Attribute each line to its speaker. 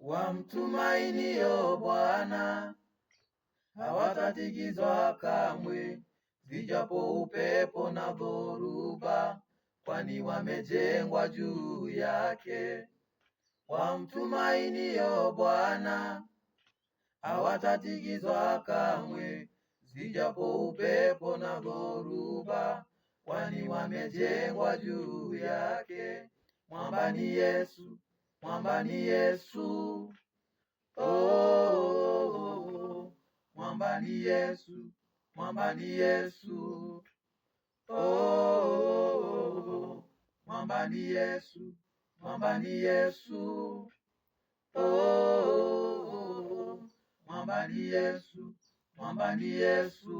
Speaker 1: wamtumainio Bwana hawatatikizwa kamwe, zijapo upepo na dhoruba, kwani wamejengwa juu yake. Wamtumainio Bwana hawatatigizwa kamwe, zijapo upepo na dhoruba, kwani wamejengwa juu yake. Mwamba ni Yesu mwamba ni Yesu. Oh, oh, oh. Mwamba ni Yesu, mwamba ni Yesu. Oh, oh, oh. Mwamba ni Yesu, mwamba ni Yesu. Oh, oh, oh. Mwamba ni Yesu, mwamba ni Yesu.